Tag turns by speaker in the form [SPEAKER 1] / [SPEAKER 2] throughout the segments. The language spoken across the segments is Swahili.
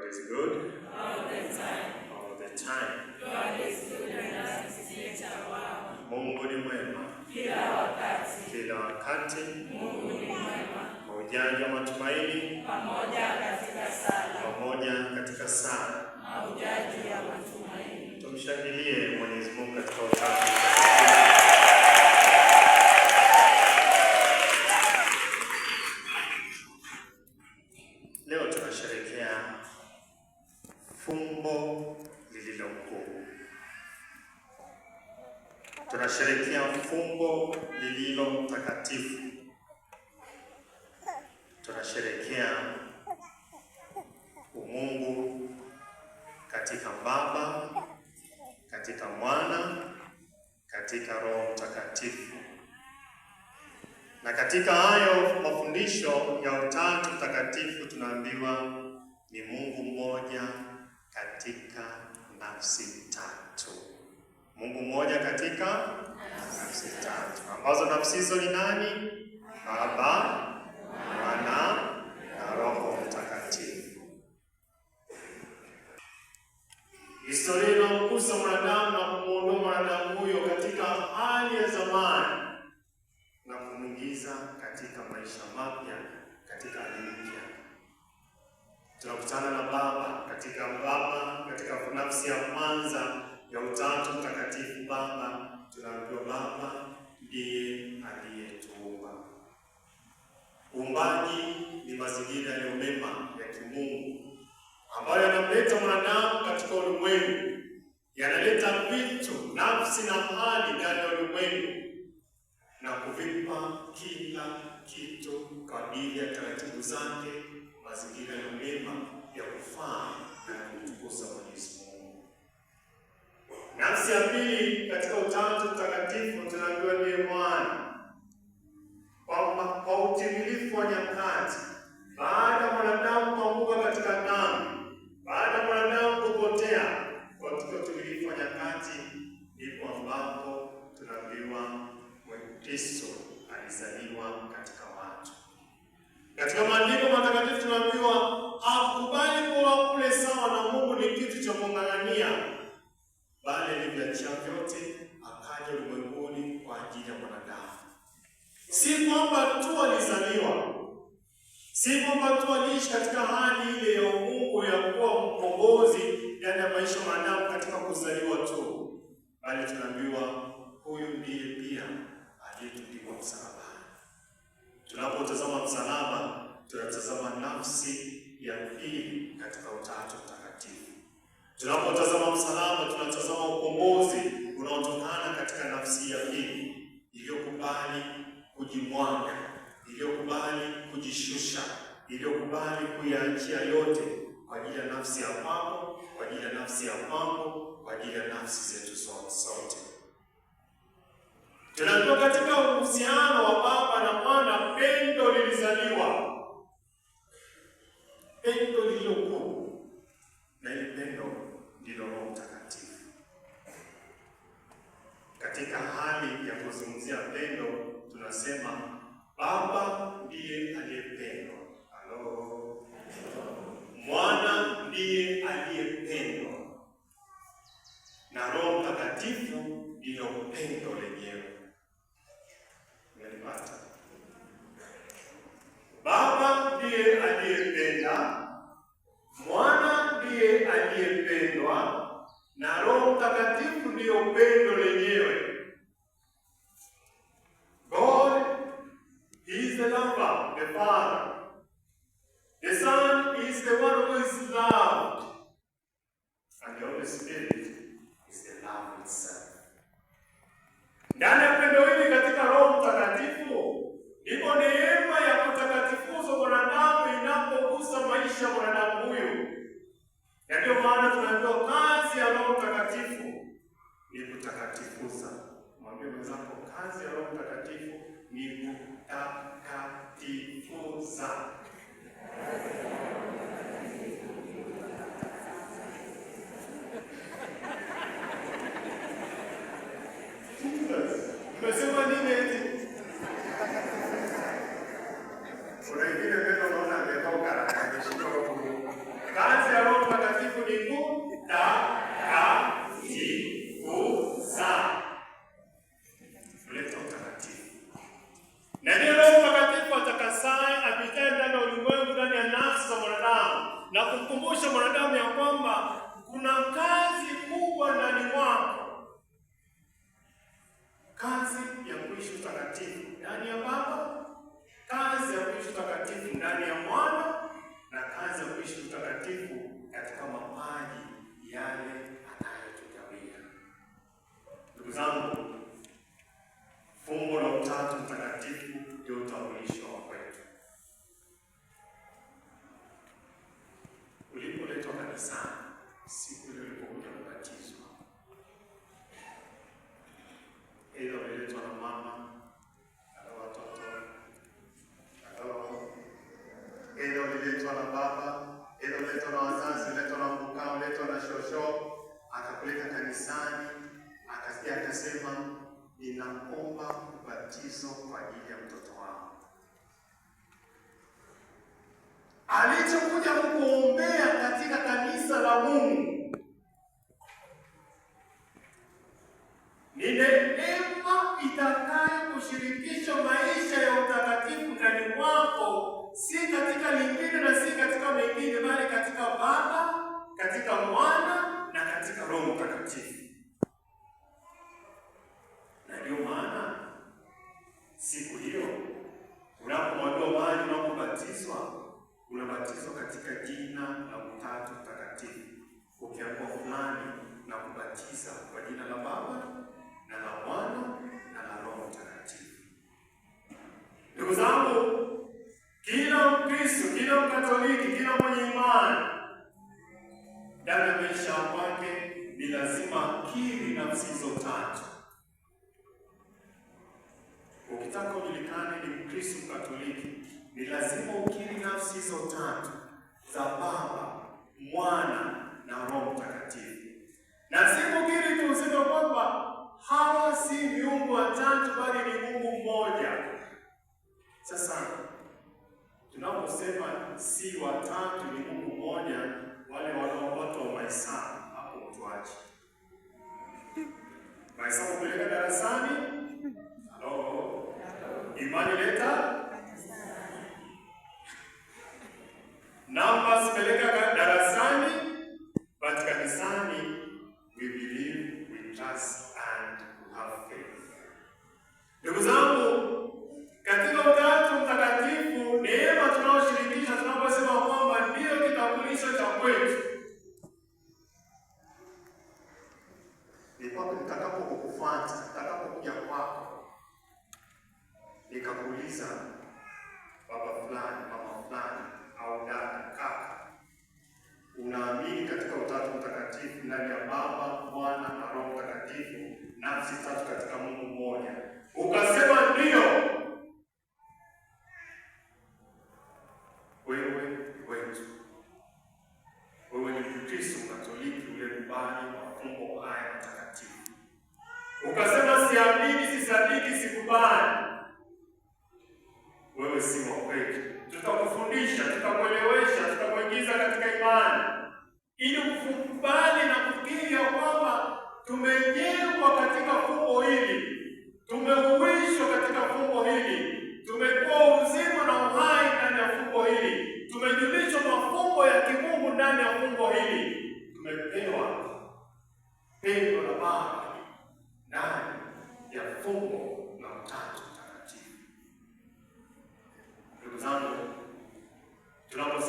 [SPEAKER 1] God is good
[SPEAKER 2] all the time.
[SPEAKER 1] All the time.
[SPEAKER 2] God is good and anasisitiza wao.
[SPEAKER 1] Mungu ni mwema
[SPEAKER 2] kila wakati.
[SPEAKER 1] Kila wakati
[SPEAKER 2] Mungu ni mwema.
[SPEAKER 1] Maujanja matumaini
[SPEAKER 2] pamoja katika sala.
[SPEAKER 1] Pamoja katika sala.
[SPEAKER 2] Maujaji ya matumaini.
[SPEAKER 1] Tumshangilie Mwenyezi Mungu katika wakati fumbo kuu Tunasherehekea fumbo lililo takatifu, tunasherehekea umungu katika Baba, katika Mwana, katika Roho Mtakatifu. Na katika hayo mafundisho ya Utatu Mtakatifu tunaambiwa ni Mungu mmoja nafsi tatu. Mungu mmoja katika
[SPEAKER 2] nafsi tatu,
[SPEAKER 1] ambazo nafsi hizo ni nani? Baba, Mwana na Roho Mtakatifu. Historia inamgusa mwanadamu na kumwondoa mwanadamu huyo katika hali ya zamani na kumwingiza katika maisha mapya katika hali tunakutana na Baba katika Baba katika nafsi ya kwanza ya Utatu Mtakatifu. Baba tunaambiwa Baba ndiye aliyetuumba. Uumbaji ni mazingira ya mema ya kimungu ambayo yanamleta mwanadamu katika ulimwengu, yanaleta vitu, nafsi na hali ndani ya ulimwengu na kuvipa kila kitu kwa ajili ya taratibu zake mazingira ya mema ya kufaa na kumtukuza Mwenyezi Mungu. Nafsi ya pili katika Utatu Mtakatifu tunaambiwa ni Bwana kwa utimilifu wa nyakati, baada ya mwanadamu kuanguka katika dhambi, baada ya mwanadamu kupotea, kwa utimilifu wa nyakati ndipo ambapo tunaambiwa Kristo alizaliwa katika wana katika maandiko matakatifu tunaambiwa hakukubali kuwa kule sawa na Mungu ni kitu cha kung'ang'ania, bali alivyoachia vyote akaja ulimwenguni kwa ajili ya mwanadamu. Si kwamba tu alizaliwa, si kwamba tu aliishi katika hali ile ya Mungu ya kuwa mkombozi ndani ya maisha maadamu katika kuzaliwa tu, bali tunaambiwa huyu ndiye pia aliyetundikwa msalaba Tunapotazama msalaba, tunatazama nafsi ya pili katika Utatu Mtakatifu. Tunapotazama msalaba, tunatazama ukombozi unaotokana katika nafsi ya pili iliyokubali kujimwanga iliyokubali kujishusha, iliyokubali kuyaachia yote kwa ajili ya nafsi ya kwako, kwa ajili ya nafsi ya kwangu, kwa ajili ya nafsi zetu sote. Tunajua katika uhusiano wa baba na mwana pendo lilizaliwa, pendo lililokuu, na ile pendo ndilo Roho Mtakatifu. Katika hali ya kuzungumzia pendo, tunasema baba ndiye aliyependwa, halo, mwana ndiye aliyependwa, na Roho Mtakatifu ndiyo pendo lenyewe. Baba ndiye aliyependa, Mwana ndiye aliyependwa, na Roho Mtakatifu ndiyo upendo lenyewe. God is the lover, the Father. The Son is the one who is На come katika you. ninaomba ubatizo kwa ajili ya mtoto wangu. Alichokuja kukuombea katika kanisa la Mungu ni neema itakayo kushirikisha maisha ya utakatifu ndani mwako, si katika lingine na si katika mengine, bali katika Baba, katika Mwana na katika Roho Mtakatifu. Ndio maana siku hiyo unapomwagwa maji, unapobatizwa, unabatizwa katika jina la Utatu Mtakatifu, kwa fulani na kubatiza kwa jina la Baba na la Mwana na la Roho Mtakatifu. Ndugu zangu, kila Mkristo, kila Mkatoliki, kila mwenye imani ndani ya maisha wake ni lazima akiri nafsi hizo tatu ukitaka ujulikane ni Mkristo Mkatoliki, ni lazima ukiri nafsi hizo tatu za Baba, Mwana na Roho Mtakatifu. Na si kukiri tu, useme kwamba hawa si miungu watatu, bali ni Mungu mmoja. Sasa tunaposema si watatu, ni Mungu mmoja, wale wanaopatwa mahesabu hapo mtwaji mahesabu kuleka darasani Imani leta namba sipeleka darasani, but kanisani we believe, we trust and have faith. Ndugu zangu, katika Utatu Mtakatifu, neema tunaoshirikisha tunaposema kwamba ndiyo kitambulisho cha kwetu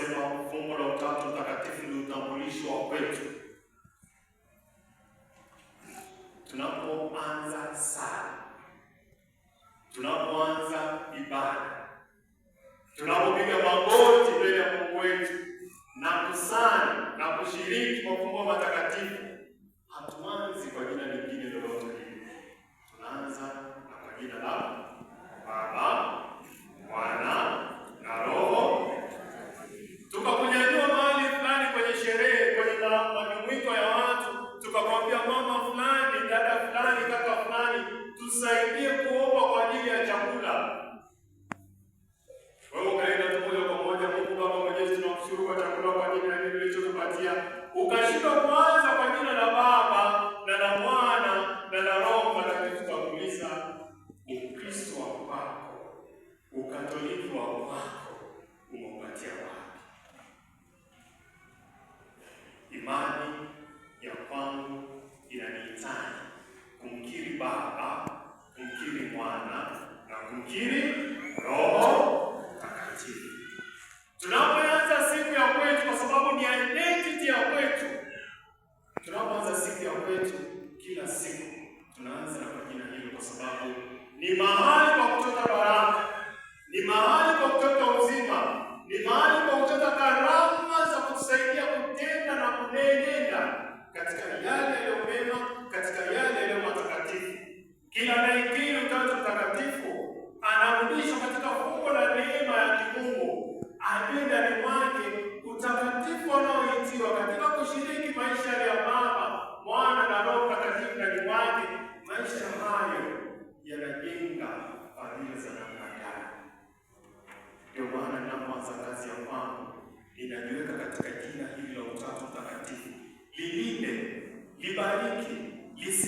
[SPEAKER 1] tunasema fumbo la Utatu Mtakatifu ni utambulisho wa kwetu. Tunapoanza sala, tunapoanza ibada, tunapopiga magoti mbele ya Mungu wetu na kusali na kushiriki kwa fumbo matakatifu, hatuanzi kwa jina lingine lolote, tunaanza na kwa jina lako.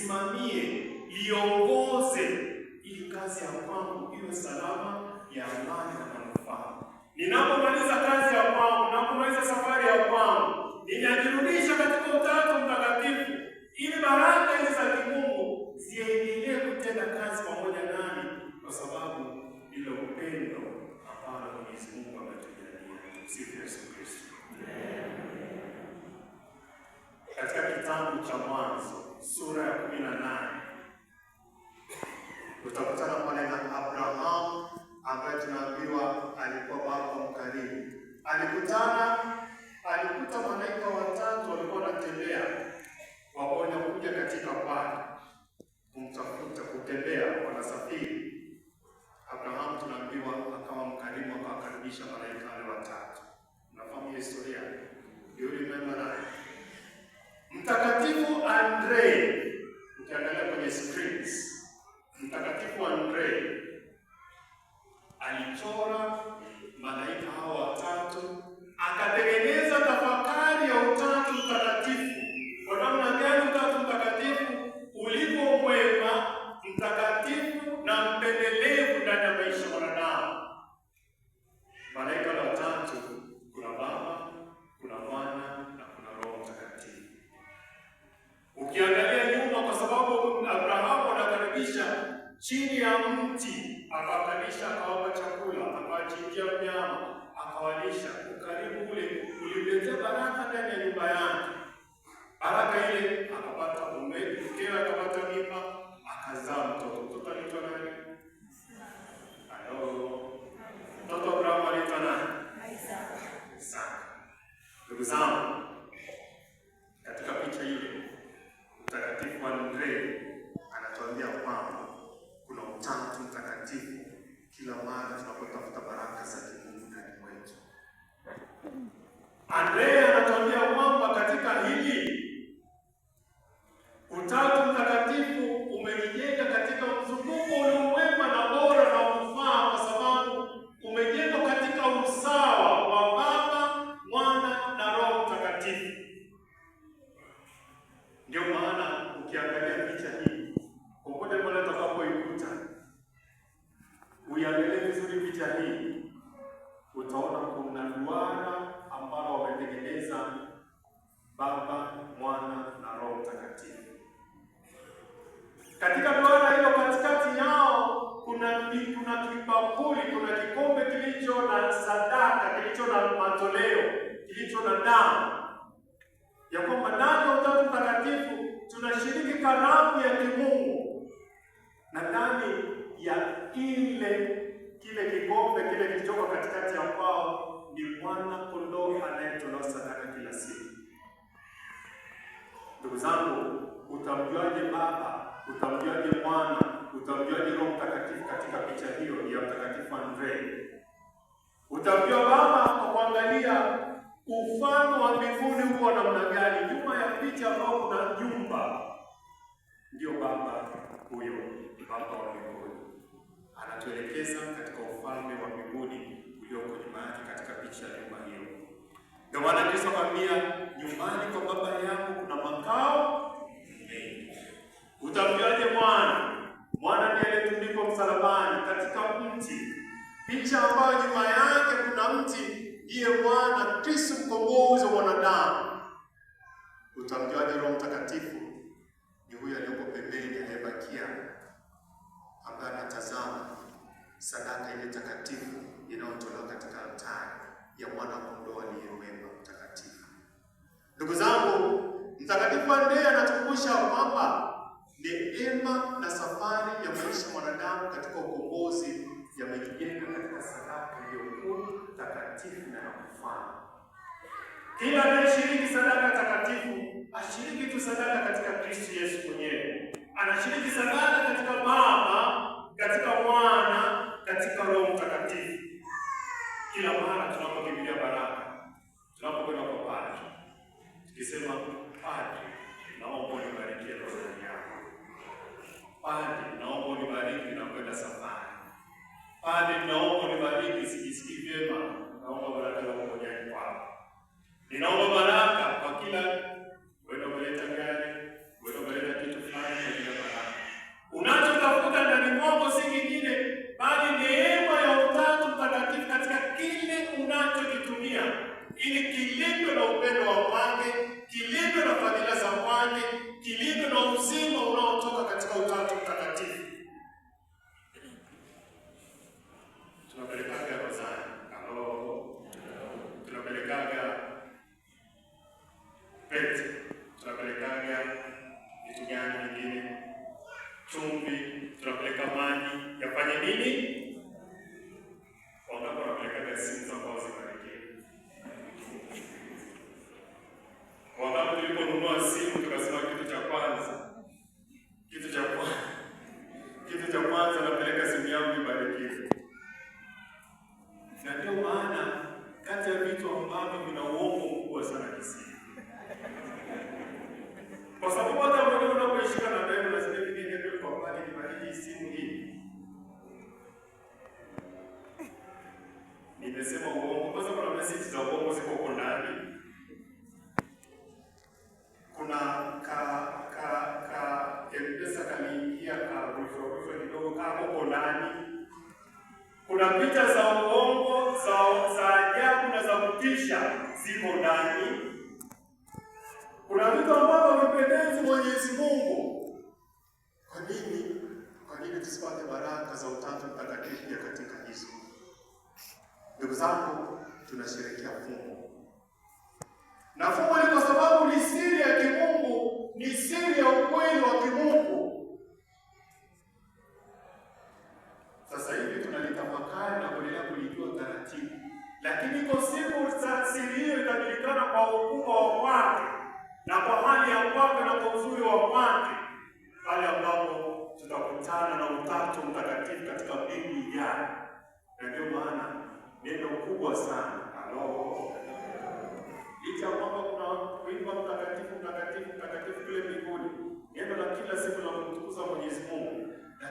[SPEAKER 1] isimamie, iongoze, ili kazi ya kwangu iwe salama, ya amani na manufaa. Ninapomaliza kazi ya kwangu, ninapomaliza safari ya kwangu, ninajirudisha katika utatu Yesu Kristo mtakatifu wa Andrei Elisha. kilicho na matoleo, kilicho na damu, ya kwamba ndani ya Utatu Mtakatifu tunashiriki karamu ya kimungu, na ndani ya ile kile kikombe kile kilichoko katikati ya kwao ni mwana kondoo anayetolewa sadaka kila siku. Ndugu zangu, utamjuaje Baba? Utamjuaje Mwana? Utamjuaje Roho Mtakatifu? Katika picha hiyo ya Mtakatifu Andrei Utamjua Baba kwa kuangalia ufano wa mbinguni huko namna gani. Nyuma ya picha ambao kuna nyumba, ndio Baba huyo, Baba wa mbinguni anatuelekeza katika ufalme wa mbinguni ulioko nyuma katika picha ya nyumba hiyo. Ndio maana Yesu akamwambia, nyumbani kwa Baba yangu kuna makao mengi. Utamjuaje mwana? Mwana ni aliyetundikwa msalabani katika mti picha ambayo nyuma yake kuna mti, ndiye Bwana Kristo mkombozi wa wanadamu. Utamjuaje Roho Mtakatifu? Ni huyo aliyoko pembeni, aliyebakia, ambaye anatazama sadaka ile takatifu inayotolewa katika altari ya mwana kondoo aliyewema mtakatifu. Ndugu zangu, Mtakatifu Andrea anatukumbusha kwamba neema na safari ya maisha mwanadamu katika ukombozi yamejijenga katika sadaka iliyokuu takatifu na yakufana. Kila anayeshiriki sadaka takatifu ashiriki tu sadaka katika Kristo Yesu mwenyewe, anashiriki sadaka katika Baba, katika Mwana, katika Roho Mtakatifu. Kila mara tunapokimbilia baraka, tunapokwenda kwa padri, tukisema padri, naomba unibariki se diz mal. Deseo Ndugu zangu, tunasherehekea fungu, na fungu ni kwa sababu ni siri ya kimungu, ni siri ya ukweli wa kimungu.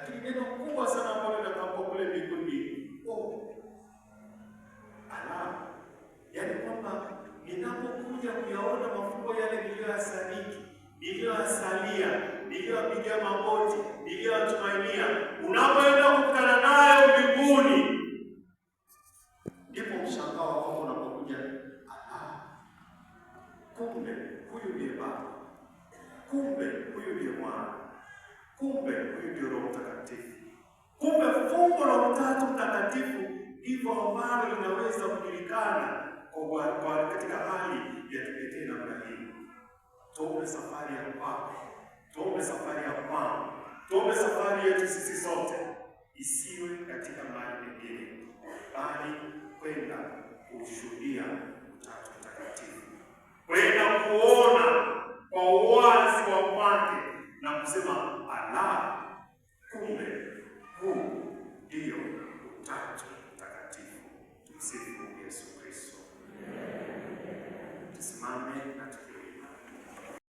[SPEAKER 1] lakini neno kubwa sana ambalo linatambua kule mbinguni oh, ninapokuja kuyaona mafumbo yale niliyoyasadiki, niliyoyasalia, niliyoyapigia magoti, niliyoyatumainia, unapoenda kukutana nayo mbinguni, ndipo mshangao wa Mungu unapokuja. Kumbe huyu ndiye Baba, kumbe huyu ndiye Mwana Kumbe huyu ndio Roho Mtakatifu. Kumbe fumbo la Utatu Mtakatifu ndivyo ambalo linaweza kujulikana kwa katika hali ya kipekee namna hii. Tuombe safari ya kwako, tuombe safari ya kwako, tuombe safari yetu sisi sote isiwe katika mali mengine, bali kwenda kushuhudia Utatu Mtakatifu, kwenda kuona kwa uwazi wa kwake na kusema là come fu Dio lontano da cattivo il Signore Gesù Cristo. This man